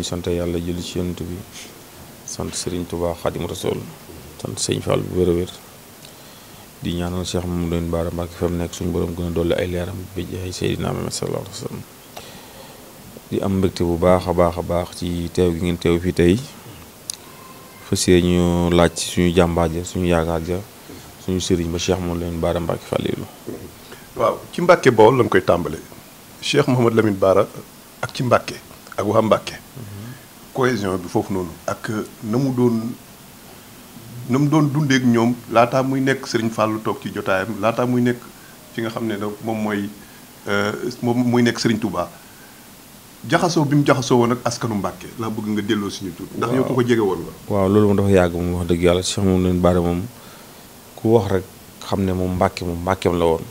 ñu sant yàlla julli ci yonent bi sant Serigne Touba Xadim Rasool sant sëñ Fall bu wér a wér di ñaanal Cheikh Mamadou Lamine Bara Mbacké fa mu nekk suñu borom gën a dolli ay leeram bi jaay Seydina Muhammad sallallahu alayhi wa sallam di am mbégte bu baax a baax a baax ci teew gi ngeen teew fii tey fas ñu laaj suñu jàmbaar ja suñu yaakaar ja suñu Serigne ba Cheikh Mamadou Lamine Bara Mbacké Falilou waaw ci Mbàkke Bawol lañ koy tàmbale Cheikh Mouhamadou Lamine ak waa Mbàkke cohésion bi foofu noonu ak na mu doon na doon dundeek ñoom laataa muy nekk Serigne Fallou toog ci jotaayam laataa muy nekk fi nga xam ne nag moom mooy euh, moom muy nekk Serigne tubaa jaxasoo bi mu jaxasoo woon ak askanu Mbàkke laa bëgg nga delloo suñu tur ndax yow ku ko jege woon la waaw loolu moom dafa yàgg moom wax dëgg yàlla Cheikh moom leen baare moom ku wax rek xam ne moom Mbàkke moom Mbàkkeem la woon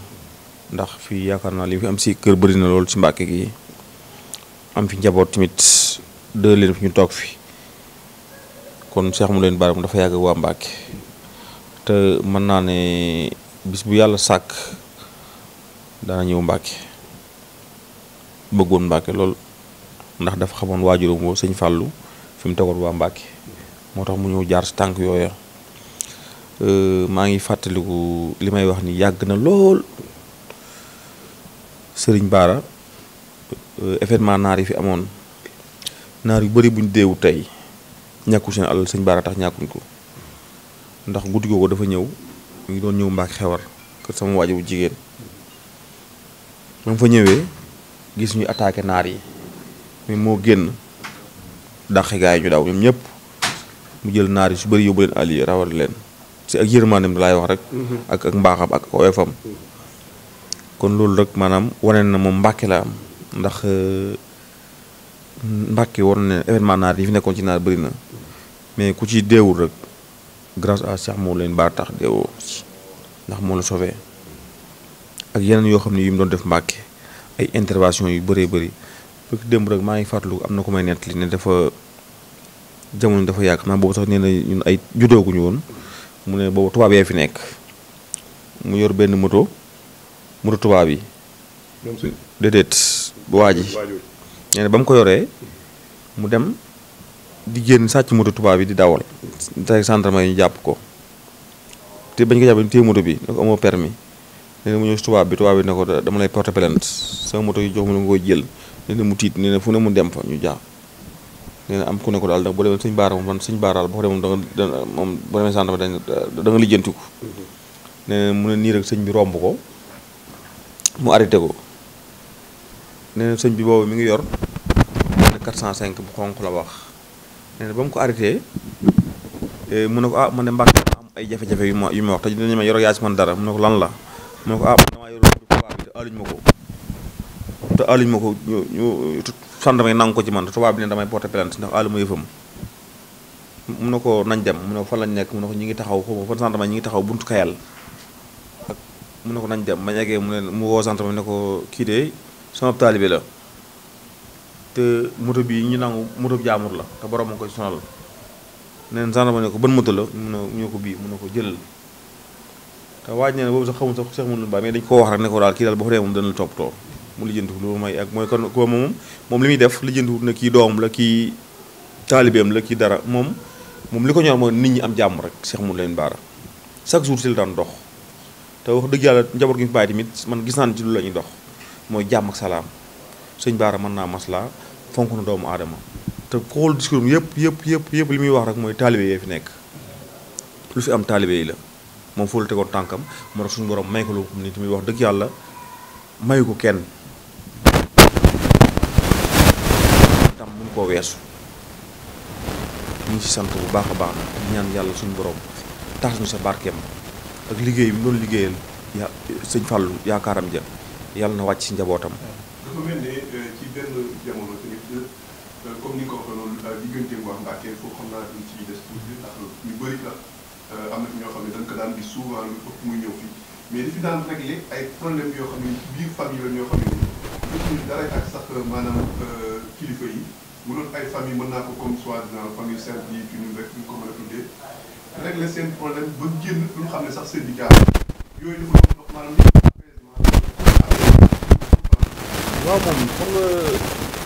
ndax fii yaakaar naa li fi am si kër bëri na loolu si Mbàkke gi am fi njaboot tamit deux leen fi ñu toog fi kon Cheikh mu leen baar dafa yàgg waa Mbàkke te mën naa ne bis bu yàlla sàkk daana ñëw Mbàkke bëggoon Mbàkke lool ndax dafa xamoon waajuram woo sëñ Fàllu fi mu tegoon waa Mbàkke moo tax mu ñëw jaar tànk yooya maa ngi fàttaliku li may wax ni yàgg na lool sëriñ Baara Euh, événement naar yi fi amoon naar yu bari bu ñu deewu tey ñàkku seen alal sëñ baara tax ñàkkuñ ko ndax guddi googu dafa ñëw mu ngi doon ñëw mbaak xewar kër sama waajur jigéen moom fa ñëwee gis ñu attaqué naar yi mais moo génn dàqe gaa yi ñu daw ñoom ñëpp mu jël naar yi su bari yóbbu leen allié rawal leen si ak yërmaaneem laay wax rek mhm. ak ak mbaaxam ak oyofam kon loolu rek maanaam wane na moom mbàkke la am ndax euh, Mbàkke war na ne événement naar yi fi nekkoon ci naar bëri na mais ku ci déwul rek grâce à Cheikh moo leen baa tax deewoo ndax moo la sauvé ak yeneen yoo xam ne yu mu doon def Mbàkke ay intervention yu bëree bari bëgg démb rek maa ngi fàttaliku am na ko may nettali ne dafa jamono dafa yàgg xam naa boobu sax nee na ñun ay juddooguñu woon mu ne boobu tubaab yee fi nekk mu yor benn moto moto tubaab yi déedéet bu waa ji nee na ba mu ko yoree mu dem di génn sàcc moto tubaab bi di dawal te gendarme yi ñu jàpp ko te bañ ko jàppee ñu téye moto bi ne ko amoo permis nee mu ñëw si tubaab bi tubaab bi ne ko dama lay porter plainte sama moto yi jox mu ne ko jël nee na mu tiit nee na mu dem fa ñu jàpp nee na am ku ne ko daal da boo demee suñ baara moom man suñ boo ko demee moom da nga moom boo demee gendarme da nga lijjantiku nee mu ne nii rek sëñ bi romb ko mu arrêté ko nee na sëñ bi boobu mi ngi yor benn 405 bu xonq la wax nee na ba mu ko arrêté eh, mu ne ko ah man de am ay jafe yu ma yu ma wax te dinañ ma yor man dara mu ne lan la mu ne ko ah man ko te aluñ ma ko ñu ñu sàndamay nangu ko ci man te tubaab bi ne damay porté plainte ndax alu ma nañ dem mu ne ko fan lañ nekk mu ne ko ñi ngi taxaw xaw ma fan sàndamay ñu ngi taxaw buntu kayal ak mu ne ko nañ dem bañ mu ne mu woo sàndamay ne ko kii de sama taalibe la te moto bii ñu nangu moto bi jaamur la te borom a koy sonal neen gendarme ne ko ban moto la mun a bii mun na ko jëlal te waaj ne boobu sax xamul sax Cheikh Mouhamadou dañ ko wax rek ne ko daal kii daal boo fa dee moom dana la toppatoo mu lijjantiwul loolu may ak mooy kon ko moom moom li muy def lijjantiwul ne kii doom la kii taalibeem la kii dara moom moom li ko ñor mooy nit ñi am jàmm rek Cheikh Mouhamadou leen baara chaque jour si la daan dox te wax dëgg yàlla njaboot gi fi bàyyi tamit man gis naan ci lu la ñuy dox mooy jàmm ak salaam sëñ Baara mën naa maslaa fonk na doomu aadama te xool discours yëpp yëpp yëpp yëpp li muy wax rek mooy taalibe yee fi nekk lu fi am taalibe yi la moom foo la tegoon tànkam moo tax suñu borom may ko lu muy wax dëgg yàlla mayu ko kenn tam mun koo weesu ñu ngi ci sant bu baax a baax na ñaan yàlla suñ boroom tax ñu sa barkeem ak liggéey bi mu doon liggéeyal ya sëñ Fallou yaakaaram ja yàlla na wàcc ci njabootam. dafa mel ne euh, ci benn jamono tamit euh, comme ni nga ko waxee noonu euh, diggante bu wax Mbàkke foofu xam naa duñ ci des tuuti ndax ñu bëri la am na ñoo xam ne dañ ko daan di souvent lu ëpp muy ñëw fii mais li fi daan réglé ay problème yoo xam ne biir famille la ñoo xam ne nii dara ak sax maanaam kilifa yi mu doon ay famille mën naa ko comme soi-disant famille simple yi ci ñun rek ko mën a tuddee réglé seen problème ba génn lu ne sax syndicat yooyu dafa waaw moom xam nga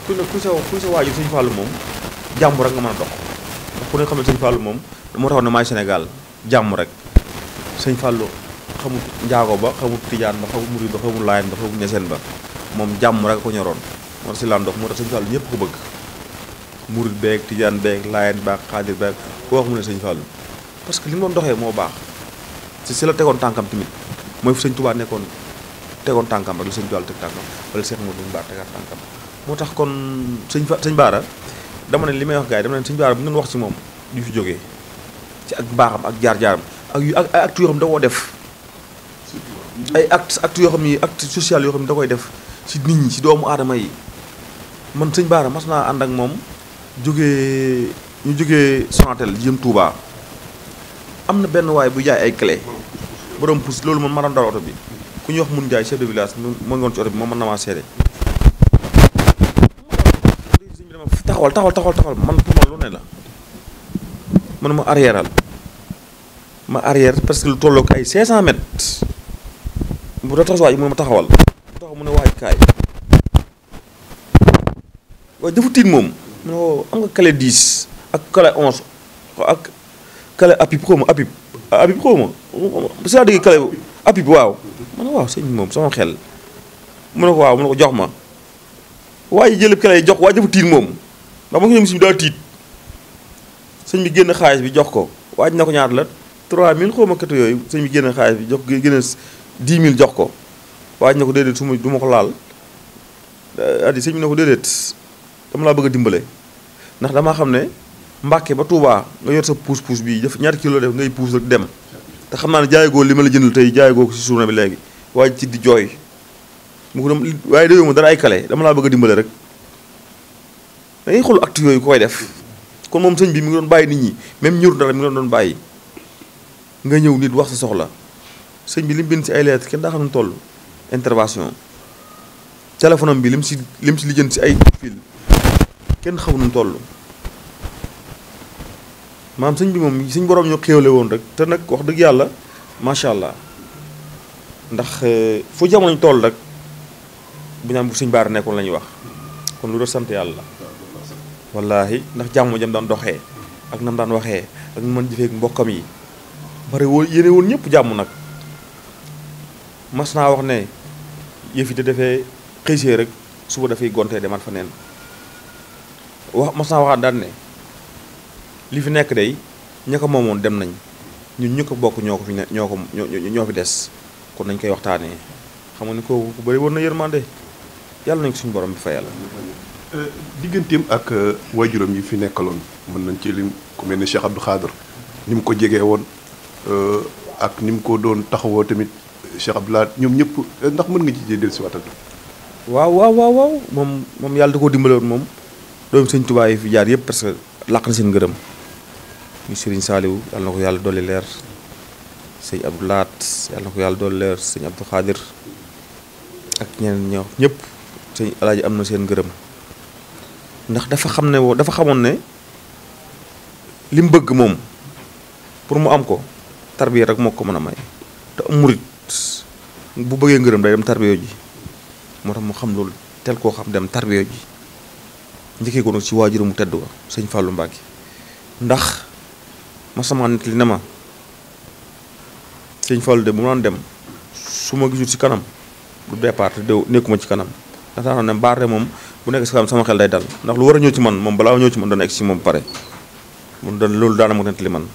ku ne ku sa waajur sëñ Fallou moom jàmm rek nga mën a dox ndax ku ne xam ne sëñ Fallou moom moo taxoon ne maay Sénégal jàmm rek sëñ Fallou xamut njaago ba xamut tijaan ba xamut murid ba xamut laayam ba xamut ba moom jàmm rek ko ñoroon moo tax si laan moo tax sëñ ñëpp ko bëgg murid beeg tijaan beeg laayeen beeg xaadir beeg koo wax ne sëñ Fallou parce que li mu doon doxee moo baax si si la tegoon tànkam tamit mooy fu sëñ Tuubaa nekkoon tegoon tànkam rek la sëñ Tuubaa teg tànkam wala Cheikh Modou Mbaar tegaat tànkam moo tax kon sëñ fa sëñ Baara dama ne li may wax gars yi dama ne sëñ Baara bu ngeen wax ci moom du fi jógee ci ak mbaaxam ak jaar ak ak ay actes da koo def ay actes actes yoo xam ni acte social yoo xam ne da koy def ci nit ñi ci doomu aadama yi man sëñ Baara mas naa ànd ak moom jóge ñu jóge Sonatel jëm Touba am na benn waaye bu jaay ay clé borom pousse loolu man ma doon oto bi. ku ñuy wax mun Ndiaye chef de village mu ma ngoon ci oto moom mën na maa seede. taxawal taxawal taxawal taxawal man pour man lu ne la man ma arrièreal ma arrière parce que lu tolloog ay 500 mètres bu doon tax waay mu taxawal mu taxaw mu ne waay kaay waaye dafa tiit moom mu ne woo am nga clé 10 ak clé 11 ak clé apib xaw apib apib xaw ma c'est-à-dire apib waaw. man waaw sëñ moom sama xel mu ne ko waaw mu ne ko jox ma waa ji jëlëb kele jox waa ji dafa tiit moom ndax ma ngi ñoom si daa tiit sëñ bi génn xaalis bi jox ko waa ji na ko ñaata la 3000 xaw ma katu yooyu sëñ bi génn bi jox génn 10000 jox ko waa ko déedéet suma ma du ma ko laal euh, addi sëñ bi na ko déedéet dama laa bëgg a dimbale ndax damaa xam ne Mbàkke ba Touba nga yor sa puus-puus bi def ñaari kilo def ngay puus dem te xam naa ne jaayagoo li ma la jëndal tey jaayagoo ko si journée bi léegi waa ci di jooy mu ko doon waaye déyoo ma dara ay kale dama laa bëgg a dimbale rek da ngay xool yooyu ko koy def kon moom sëñ bi mu ngi doon bàyyi nit ñi même ñëru dara mu ngi doon bàyyi nga ñëw nit wax sa soxla sëñ bi li bind si ay lettre kenn daa xam ne toll intervention téléphone bi lim si lim si lijjanti si ay fil kenn xaw nu toll maam sëñ bi moom sëñ borom ñu xéewle woon rek te nag wax dëgg yàlla macha allah. ndax euh, fu jamono tool rek bu ñu bu suñ baar nekkoon la ñuy wax kon lu doon sant yàlla wallaahi ndax jàmm jam daan doxee ak nam daan waxee ak man jëfee ak mbokkam yi bari woon yéene woon ñëpp jàmm nag mas naa wax ne yëf yi da defee xëysee rek suba dafay gontee demaat fa neen wax mas naa waxaat daan ne li fi nekk day ña ko moomoon dem nañ ñun ñu ko bokk ñoo ko fi ñoo ko ñoo fi des kon nañ koy waxtaanee xam nga ni kooku ku woon na yërmande yàlla nañ ko suñu borom bi fayal. Euh, digganteem ak euh, waajuram yi fi nekkaloon mën nañ ci lim ku mel ne Cheikh Abdou Khader ni mu ko jegee woon euh, ak ni mu ko doon taxawoo tamit Cheikh Abdoulaye ñoom ñëpp ndax mën nga ci jee dellusiwaatal. waaw waaw waaw waaw moom moom yàlla da ko dimbale woon moom doomu sëñ Tuubaa yi fi jaar yëpp parce que làq na seen ngërëm ñu Serigne saaliwu yàlla na ko yàlla dolli leer. sëñ Abdou Laat yàlla na ko yàlla dool leer sëñ Abdou Khadir ak ñeneen ñoo ñëpp sëñ alaaji am na seen ngërëm ndax dafa xam ne woo dafa xamoon ne li mu bëgg moom pour mu am ko tarbiya rek moo ko mën a may te am murit bu bëggee ngërëm day dem tarbiya ji moo tax mu xam loolu tel koo xam dem tarbiya ji njëkkee ko nag ci waajuramu tedd wa sëñ Fallou Mbacke ndax ma sama nit li ne ma sëñ Fallu de bu ma dem su ma gisul ci kanam du départ de nekkuma ci kanam ndax daanaka ne mbaar de moom bu nekk ci kanam sama xel day dal ndax lu war a ñëw ci man moom balaa ñëw ci man dana egg ci moom pare mun doon loolu daana ma li man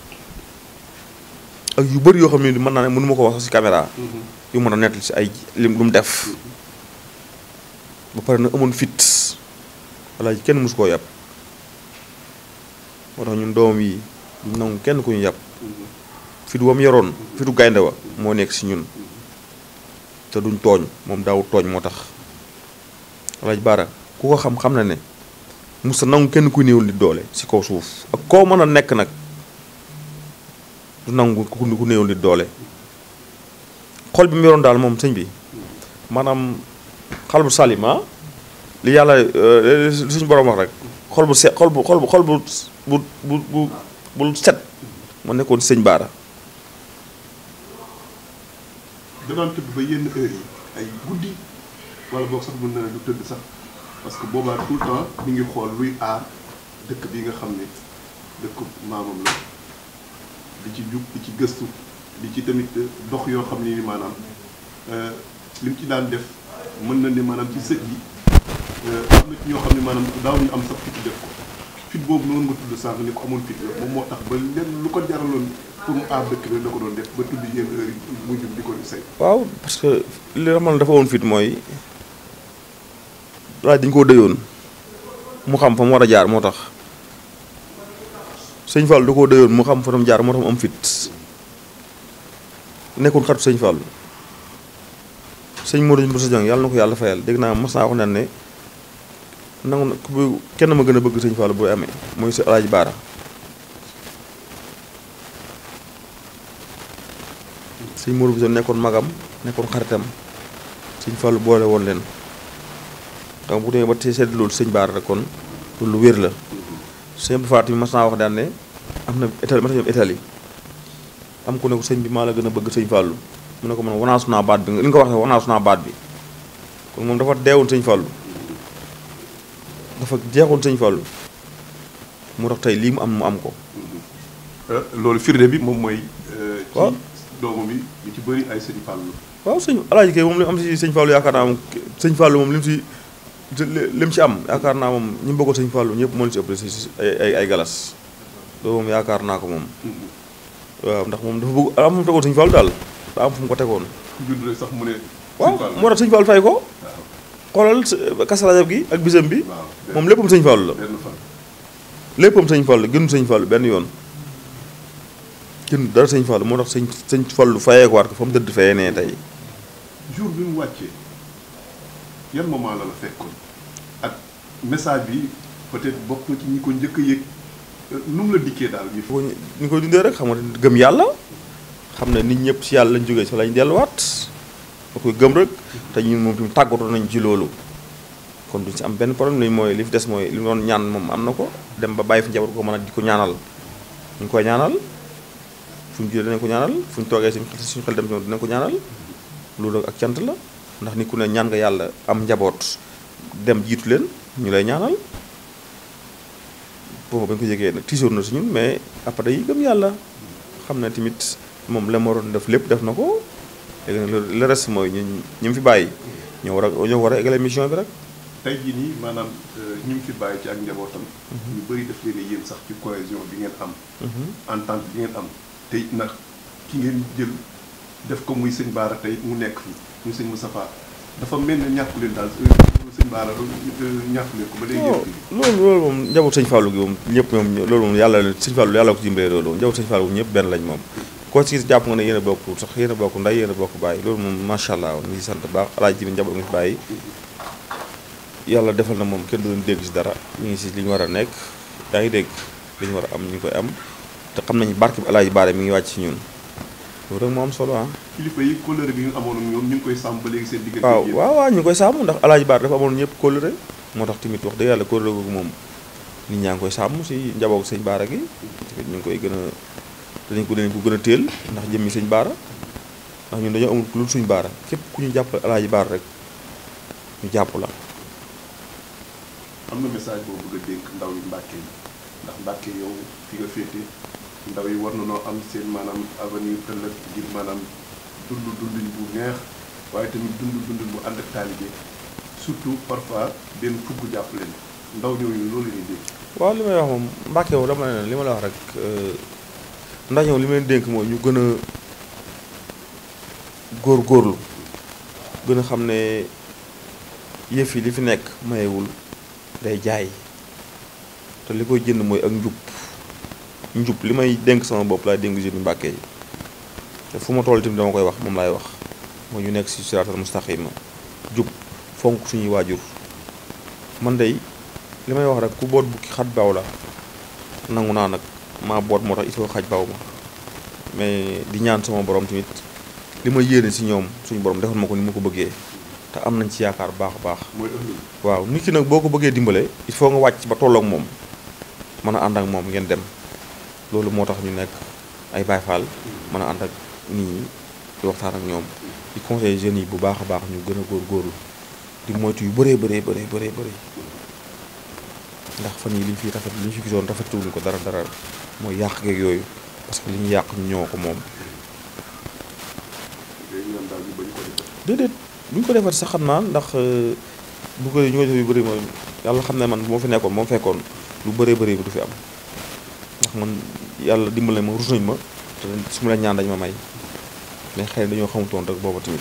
yu bëri yoo xam ne mën naa ne ma ko wax ci mm-hmm. yu mën a nettali ci ay lim lu mu pare na amoon fit walla kenn mosu koo yàpp moo tax ñun doom yi ñu nangu kenn ku ñu yàpp. fit wam yoroon fitu gaynde wa moo nekk si ñun te duñ tooñ moom daaw tooñ moo tax alaj baara ku ko xam-xam na ne mu sa nangu kenn ku néewul di doole si kaw suuf ak koo mën a nekk nag du nangu ku néewul di doole xol bi mu yoroon daal moom sëñ bi maanaam xal bu salima ah? li yàlla eh, li suñu borom wax rek xol bu set xol bu xol bu xol bu bu bu bu set mu nekkoon sëñ baara danaan tëdd ba yenn heure yi ay guddi wala boo sax mën na ne tëdd sax parce que boobaa tout le temps mi ngi xool luy aar dëkk bi nga xam ne dëkk maamam la di ci jub di ci gëstu di ci tamit dox yoo xam ne ni maanaam euh, li mu ci daan def mën na ne maanaam ci sët yi euh, am na ci ñoo xam ne maanaam daaw ñu am sax fit def ko fit boobu noonu nga tudd sànq ni ko amoon fit la moom moo tax ba lenn lu ko jaraloon pour ko doon def ba tudd waaw parce que li nga xam dafa woon fit mooy laaj dañ koo dëyoon mu xam fa mu war a jaar moo tax sëñ Fall du koo deyoon mu xam fa jaar moo tax mu am fit nekkul xatu sëñ Fall sëñ Modou Moussa Dieng yàlla na ko yàlla fayal dégg naa mas naa wax naan nangu na kenn ma gën a bëgg sëñ Fall bu amee mooy sa Alaaji Baara. sëñ Modou Bousso nekkoon magam nekkoon xaritam sëñ Fallou boole woon leen donc bu demee ba tey seetlu loolu sëñ baar rek kon loolu lu wér la sëñ Faat bi mas naa wax daan ne am na état am ku ne ko sëñ bi maa la gën a bëgg sëñ Fallou mu ne ko man wanaasu naa baat bi li nga ko wax sax wanaasu naa baat bi kon moom dafa deewoon sëñ Fallou dafa jeexoon sëñ Fallou mu tax tey lii mu am mu am ko. Euh, loolu firnde bi moom mooy. Euh, doomam yi ñu ay sëñ Fallou la. waaw sëñ Alaaji Gueye moom lu am si sëñ yaakaar naa moom sëñ moom li mu si li mu si am yaakaar naa moom ñi mu bokkoon sëñ Fallou ñëpp moo si si ay ay galas yaakaar naa ko moom. Mm-hmm. ndax moom dafa mu tegoon sëñ daal daa am fu mu ko tegoon. judd sax ko. xoolal kasarajab gi ak bisam bi. moom léppam sëñ Fallou la. léppam sëñ Fallou gënu sëñ Fallou benn yoon kenn dara sëñ Fallou moo tax sëñ sëñ Fallou fayeekuwaat ko fa mu dëdd fayee nee tey. jour bi mu wàccee yan moment la la fekkoon ak message bi peut-être bokk na ci ñi ko njëkk a yëg nu mu la dikkee daal. ñu koy dundee rek xam nga gëm yàlla xam ne nit ñëpp ci yàlla lañ jógee si lañ delluwaat ba koy gëm rek te ñu moom tamit tàggatu nañ ci loolu. kon du si am benn problème li mooy li fi des mooy li doon ñaan moom am na ko dem ba bàyyi fi njaboot ko mën a di ko ñaanal ñu fu ñu jëlee dinañ ko ñaanal fu ñu toogee suñu xel dem ci moom dinañ ko ñaanal loolu nag ak cant la ndax nit ku ne ñaan nga yàlla am njaboot dem jiitu leen ñu lay ñaanal boobu ba ñu ko yëgee nag na si ñun mais après day gëm yàlla xam ne tamit moom la moroon def lépp def na ko léegi nag le reste mooy ñu ñu fi bàyyi ñoo war a ñoo war a égale mission bi rek. tey jii nii maanaam euh, ñu ngi fi bàyyi ci ak njabootam. Mhm. ñu bëri def leen yéen sax ci cohésion bi ngeen am. Mhm. en bi ngeen am. te it nag ki ngeen jël def ko muy sëñ Baara tey mu nekk fi muy sëñ Moustapha dafa mel ne ñàkku leen daal euh, sëñ Baara euh, ñàkku leen ko ba léegi loolu loolu moom njaboot sëñ Fallou gi moom ñëpp moom loolu yàlla sëñ Fallou yàlla ko dimbalee loolu njaboot sëñ Fallou ñëpp benn lañ moom koo ci jàpp nga ne yéen a bokk sax yéen a bokk nday yéen bokk bàyyi loolu moom macha allah ñu ngi sant baax alaaj ji bi njaboot nga fi bàyyi yàlla defal na moom kenn du leen dégg si dara ñu ngi si li war a nekk yaa ngi dégg li ñu war a am ñu ngi koy am te xam nañ barke bi Alaaji Baare mi ngi wàcc si ñun loolu rek moo am solo ah. bi ñu amoon ñoom ñu ngi koy sàmm ba léegi seen diggante waaw ñu ngi koy sàmm ndax Alaaji Baare dafa amoon ñëpp kóllëre moo tax tamit wax dëgg yàlla moom nit ñaa koy sàmm si njaboot sëñ Baara gi ñu ngi koy gën a dañ ko dañ ko gën a téel ndax jëmmi sëñ Baara ndax ñun dañoo amul lu suñ Baara képp ku ñu jàppale Alaaji Baara rek ñu jàpp la am na message boo bëgg a dénk ndaw yi Mbàkke yi ndax Mbàkke yow fi nga féete ndaw yi war na noo am seen maanaam avenir ëllëg ngir maanaam dund dundin bu neex waaye tamit dund dundin bu ànd ak taalibe surtout parfois benn fukk jàpp leen ndaw ñooñu loolu la dégg. waaw li may wax moom Mbacke yow li ma la wax rek euh, ndax dénk mooy ñu gën a góorgóorlu gën a xam ne yëf yi li fi nekk mayewul day jaay te li koy jënd mooy ak njub. njub li may dénk sama bopp laay dénk jur Mbàkke yi te fu ma toll tamit dama koy wax moom laay wax moo ñu nekk ci siraatal mustaqima jub fonk suñuy waajur man day li may wax rek ku boot bukki xat baaw la nangu naa nag maa boot moo tax il faut xaj baaw ma mais di ñaan sama borom tamit li ma yéene ci ñoom suñu borom defal ma ko ni ma ko bëggee te am nañ ci yaakaar baax a baax. waaw nit ki nag boo ko bëggee dimbale. il faut nga wàcc ba tolloog moom mën a ànd ak moom ngeen dem. loolu moo tax ñu nekk ay Baye Fall mën a ànd ak nit ñi di waxtaan ak ñoom di conseil jeunes yi bu baax a baax ñu gën a góor góorgóorlu di moytu yu bëree bëree bëree bëree bëri ndax fan yi liñ ñu rafet li ñu fi gisoon rafetewuñ ko dara dara mooy yàq geeg yooyu parce que li ñu yàq ñu ñoo ko moom. déedéet bu ñu ko defar sax xam naa ndax euh, bu ko ñu ko def yu bëri mooy yàlla xam ne man bu fi nekkoon moom fekkoon lu bëree bëri du fi am. tax man yàlla dimbale ma ruus nañ ma te su ma la ñaan dañ ma may mais xëy na dañoo xamutoon rek booba tamit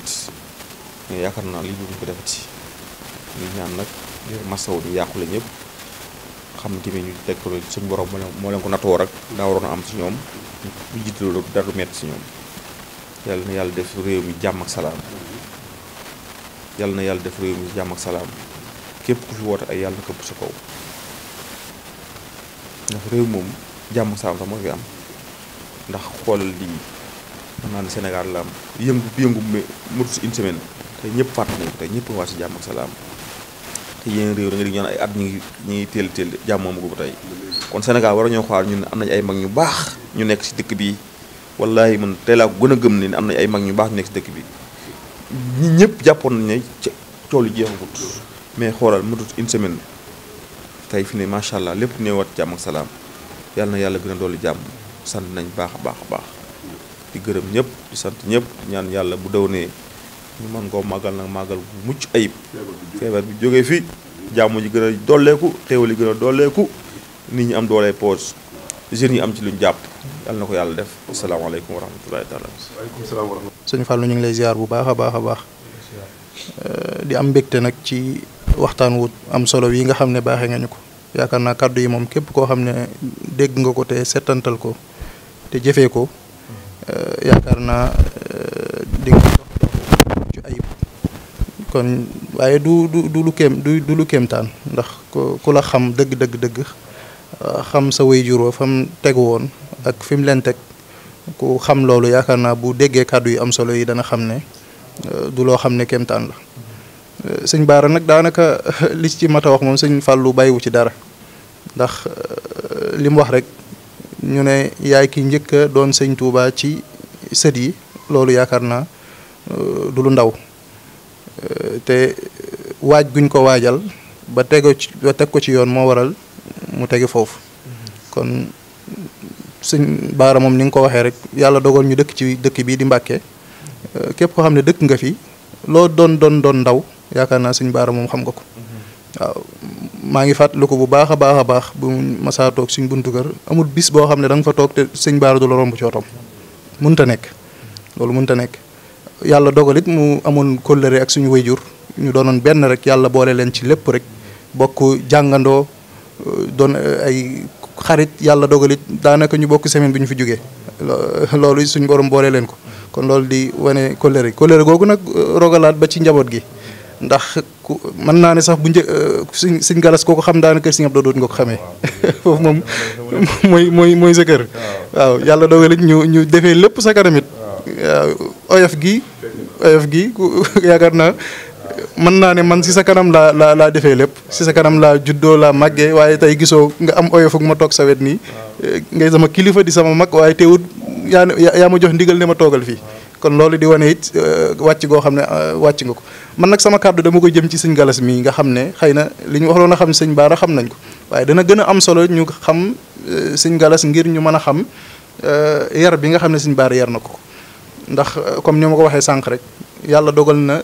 mais yaakaar naa lii duñ ko defati ñu ñaan nag ngir masawu yàqu yàqule ñëpp xam ne tamit ñu teg ko suñu borom moo leen ko natoo rek daa waroon a am si ñoom bu jiite loolu dara du metti si ñoom yàlla na yàlla def réew mi jàmm ak salaam yàlla na yàlla def réew mi jàmm ak salaam képp ku fi woote ay yàlla këpp sa kaw ndax réew moom. jàmm saam sax moo fi am ndax xoolal di xam naa ne Sénégal la am yëngu yëngu motu mu une semaine ñëpp fàtt ñëpp waa si jàmm ak salaam te yeneen réew da ay at ñu ngi ñu ngi teel teel jàmm moomu tey kon Sénégal war ñoo xaar ñun am nañ ay mag ñu baax ñu nekk si dëkk bi wallahi man tey laa a gëm ne am nañ ay mag ñu baax nekk dëkk bi ñi ñëpp jàppoon nañ ne ca tool yi mais xoolal motut une semaine tey fi ne macha allah lépp néewaat jàmm ak salaam yàlla na yàlla gën a dolli jàmm sant nañ baax a baax a baax di gërëm ñëpp di sant ñëpp ñaan yàlla bu daw nee ñu mën koo màggal nag màggal bu mucc ayib feebar bi jógee fi jàmm ji gën a dolleeku xéewal li gën a dolleeku nit ñi am doolee poos jeunes yi am ci luñ jàpp yàlla na ko yàlla def asalaamaaleykum wa rahmatulahi taala sëñ Fallou ñu ngi lay ziar bu baax a baax a baax di am mbégte nag ci waxtaan wut am solo yi nga xam ne baaxe nga ñu ko yaakaar naa kàddu yi moom képp koo xam ne dégg nga ko te setantal ko te jëfee ko eh, yaakaar naa eh, di nga ci waaye du du du lu kéem du lu kéemtaan ndax ku la xam dëgg dëgg dëgg eh, xam sa waajur wa fa tegu woon ak fi mu leen teg ku xam loolu yaakaar naa bu déggee kàddu yu am solo yi dana xam ne du loo xam ne kéemtaan la Euh, sëñ Baara nag daanaka li ci mat a wax moom sëñ Fallou bàyyiwu ci dara ndax euh, li mu wax rek ñu ne yaay ki njëkk doon sëñ Touba ci sët yi loolu yaakaar naa euh, du lu ndaw te waaj guñ ko waajal ba tego ci teg ko ci yoon moo waral mu tege foofu kon sëñ Baara moom ni nga ko waxee rek yàlla dogal ñu dëkk ci dëkk bii di Mbàkke képp koo xam ne dëkk nga fi loo doon doon doon ndaw. yaakaar naa suñ baara moom xam nga ko waaw maa ngi ko bu baax a baax a baax bu masaa toog suñ buntu kër amul bis boo xam ne danga fa toog te sëñ baara du la romb cootom munta nekk loolu munta nekk yàlla dogalit mu amoon kóllëre ak suñu wayjur ñu doonoon benn rek yàlla boole leen ci lépp rek bokk jàngandoo doon ay xarit yàlla dogalit it daanaka ñu bokk semaine bi ñu fi jógee loolu suñ borom boole leen ko kon loolu di wane kóllëre kóllëre googu nag rogalaat ba ci njaboot gi ndax ku mën naa ne sax bu një euh, suñ suñ galas koo ko xam daanaka si nga doot nga ko xamee foofu moom mooy mooy mooy sa kër. waaw yàlla dogal it ñu ñu defee lépp sa kanam oyof gi oyof gi yaakaar naa. mën naa ne man si sa kanam laa laa laa defee lépp si sa kanam laa juddoo laa màggee waaye tey gisoo nga am oyof ak ma toog sa wet nii ngay sama kilifa di sama mag waaye teewut yaa yaa ma jox ndigal ne ma toogal fii kon loolu di wane it euh, wàcc goo xam ne euh, wàcc nga ko man nag sama kàddu dama ko jëm ci sëñ galas mii nga xam ne xëy na li ñu waxoon a xam sëñ baara xam nañ ko waaye dana gën a am solo ñu xam euh, sëñ galas ngir ñu mën a xam yar bi nga xam ne sëñ baar yar na ko ndax comme ni ma ko waxee sànq rek yàlla dogal na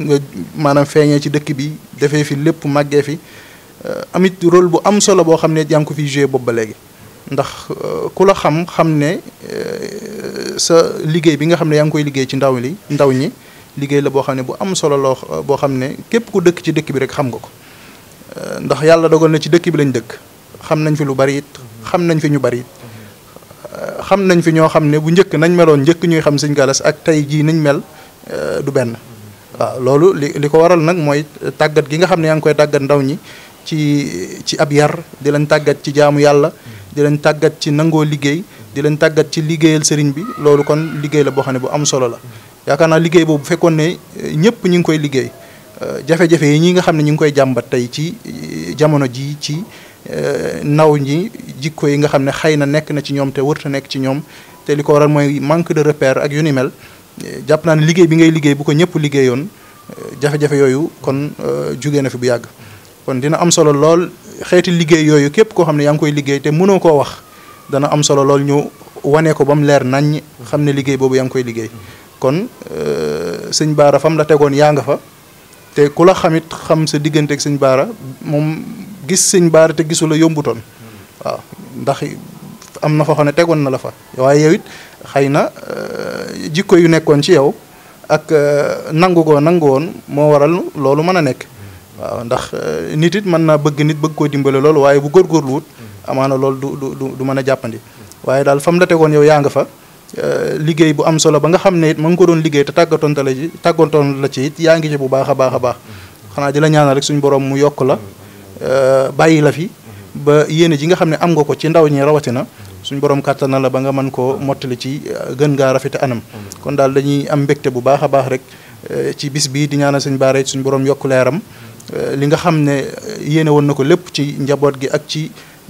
nga maanaam feeñee ci dëkk bi defee fi lépp màggee fi amit rôle bu am solo boo xam ne jànk fi ko fiy joué boobu ba léegi ndax euh, ku la xam xam ne euh, sa liggéey bi nga xam ne yaa ngi koy liggéey ci ndaw li ndaw ñi liggéey la boo xam ne bu am solo loo boo xam ne képp ku dëkk ci dëkk bi rek xam nga ko euh, ndax yàlla dogal na ci dëkk bi lañ dëkk xam nañ fi lu bari it xam nañ fi ñu bari it xam nañ fi ñoo xam ne bu njëkk nañ meloon njëkk ñuy xam Sëñ Gallass ak tey gii niñ mel du benn waaw loolu li li ko waral nag mooy tàggat gi nga xam ne yaa ngi koy tàggat ndaw ñi ci ci ab yar di leen tàggat ci jaamu yàlla di leen tàggat ci nangoo liggéey di leen tàggat ci liggéeyal sëriñ bi loolu kon liggéey la boo xam ne bu am solo la yaakaar naa liggéey boo bu fekkoon ne eh, ñëpp ñu ngi koy liggéey eh, jafe-jafe yi ñi nga xam ne ñu ngi koy jàmbat tey ci eh, jamono ji ci naw ñi jikko yi nga xam ne xëy na nekk na ci ñoom te wërta nekk ci ñoom li ko waral mooy manque de repère ak yu mel jàpp naa liggéey bi ngay liggéey bu ko ñëpp liggéeyoon jafe yooyu kon jóge na fi bu yàgg kon dina am solo lool xeeti liggéey yooyu képp koo xam ne yaa ngi koy liggéey te mënoo koo wax dana am solo lool ñu wane ko ba mu leer naññ xam ne liggéey boobu yaa ngi koy liggéey kon euh, sëñ Baara fam la tegoon yaa nga fa te ku la xamit xam sa diggante ak Baara moom gis sëñ Baara te gisu la yombutoon waaw ndax am na fa xam ne tegoon na la fa waaye yow it xëy na euh, jikko yu nekkoon ci yow ak euh, nangu goo nangu woon moo waral loolu mën a nekk. waaw ndax euh, nit it mën naa bëgg nit bëgg koo dimbale loolu waaye bu góorgóorlu wut mm-hmm. amaana loolu du du du mën a jàppandi waaye daal fa la tegoon yow yaa nga fa euh, liggéey bu am solo ba nga xam ne it ma nga ko doon liggéey te tàggatoonte la ci tàggatoon la ci it yaa ngi ci bu baax a baax a baax mm-hmm. xanaa di la ñaana rek suñu borom mu yokk la mm-hmm. euh, bàyyi la fi ba yéene ji nga xam ne am nga ko ci ndaw ñi rawatina suñ borom kàttan na la ba nga mën koo mottali ci gën ngaa rafete anam kon daal dañuy am mbégte bu baax baax rek ci bis bii di ñaanal sëñ Baara suñu borom yokk leeram Euh, li nga xam ne euh, yéene woon na ko lépp ci njaboot gi ak ci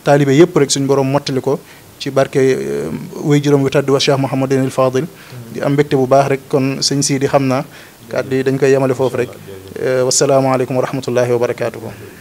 taalibe yëpp rek suñ borom mottali ko ci barke euh, way juróom wi tàddu wa Cheikh Mouhamadin il Fadil di am mbégte bu baax rek kon sëñ sii di xam naa kàddu yi dañ koy yemale foofu rek wasalaamaaleykum wa rahmatullahi wa barakaatuhu